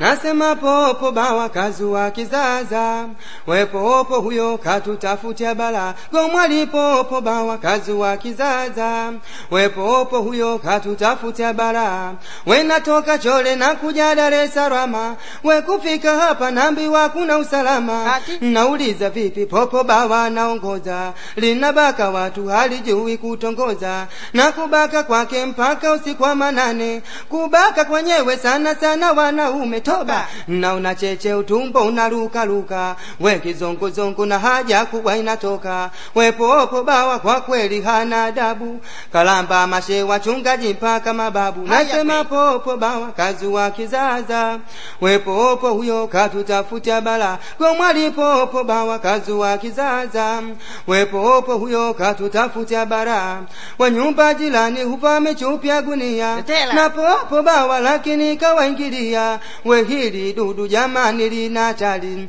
Nasema popo bawa wa kizaza, wepoopo huyo katutafutia bala. Gomwali popo bawa wa kizaza, wepopo huyo katutafutia bala. Wenatoka chole na kuja Dar es Salaam, wekufika hapa nambi kuna usalama. Nauliza vipi popo bawa naongoza, linabaka watu halijui kutongoza, na kubaka kwake mpaka usiku wa manane, kubaka kwenyewe sana sana wanaume toba na unacheche utumbo unalukaluka we kizonguzongu na haja kubwa inatoka wepopo bawa kwa kweli hana adabu kalamba mashe wachungaji mpaka mababu nasema popo bawa kazi wa kizaza wepopo huyo katutafuta bala popo bawa kazi wa kizaza wepopo huyo katutafutia bara nyumba jilani hupa mechupya gunia na popo bawa lakini kawaingilia we hili dudu jamani lina chali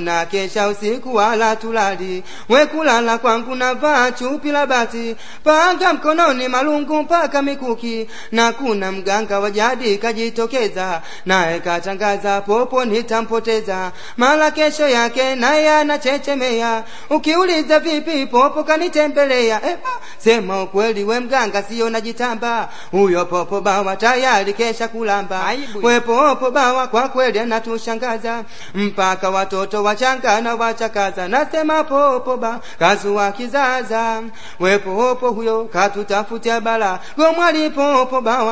na kesha usiku wala tulali. We kulala kwangu na vaa chupi la bati, panga mkononi, malungu mpaka mikuki, na kuna mganga wa jadi kajitokeza, naye katangaza popo nitampoteza. mala kesho yake naye anachechemea, ukiuliza vipi popo kanitembelea. Eba, sema ukweli we mganga, sio najitamba, huyo popo bawa tayari kesha kulamba, we popo bawa hawa kwa kweli anatushangaza, mpaka watoto wachanga na wachakaza, nasema popoba wa kizaza, wepopo huyo katutafutia bala, gomwali popoba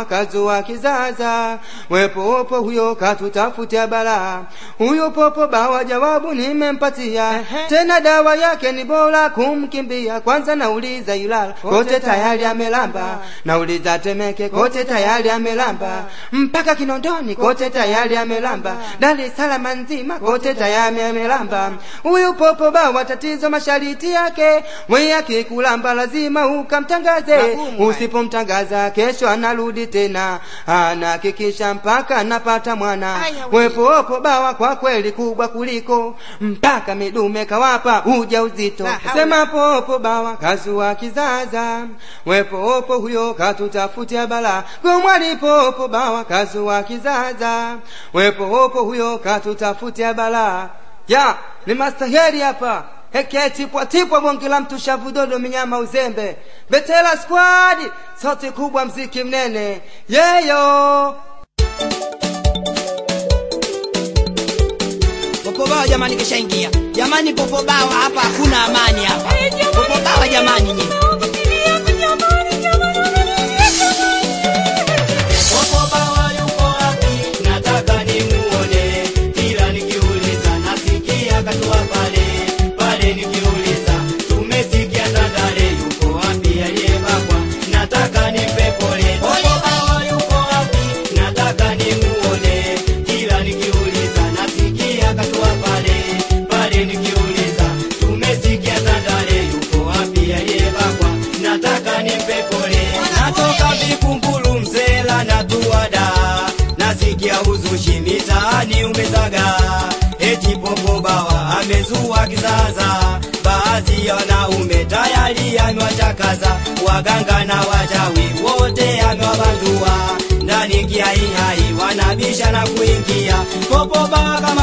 wa kizaza, wepopo huyo katutafutia bala, huyo popoba wa jawabu nimempatia, tena dawa yake ni bora kumkimbia, kwanza nauliza Ilala kote tayari amelamba, nauliza Temeke kote tayari amelamba, mpaka Kinondoni kote tayari tayari amelamba, dali salama nzima kote tayari amelamba. Huyu popo bawa tatizo mashariti yake, we akikulamba lazima ukamtangaze. Usipomtangaza kesho anarudi tena, anahakikisha mpaka anapata mwana. Wepo bawa kwa kweli kubwa kuliko mpaka midume kawapa uja uzito. Sema popo bawa kazua kizaza, wepo huyo katutafutia bala gomwali popo bawa kazua kizaza wepo hopo huyo katutafutia balaa ya ni mastaheri hapa heketipwatipwa bonge la mtu shavudodo minyama uzembe betela squadi soti kubwa mziki mnene yeyo popo jamani kishaingia jamani popo hapa hakuna amani hapa popo wa kisasa, baadhi ya wanaume tayari amewachakaza waganga na wachawi wote amewabandua ndani kia wanabisha na kuingia popo baba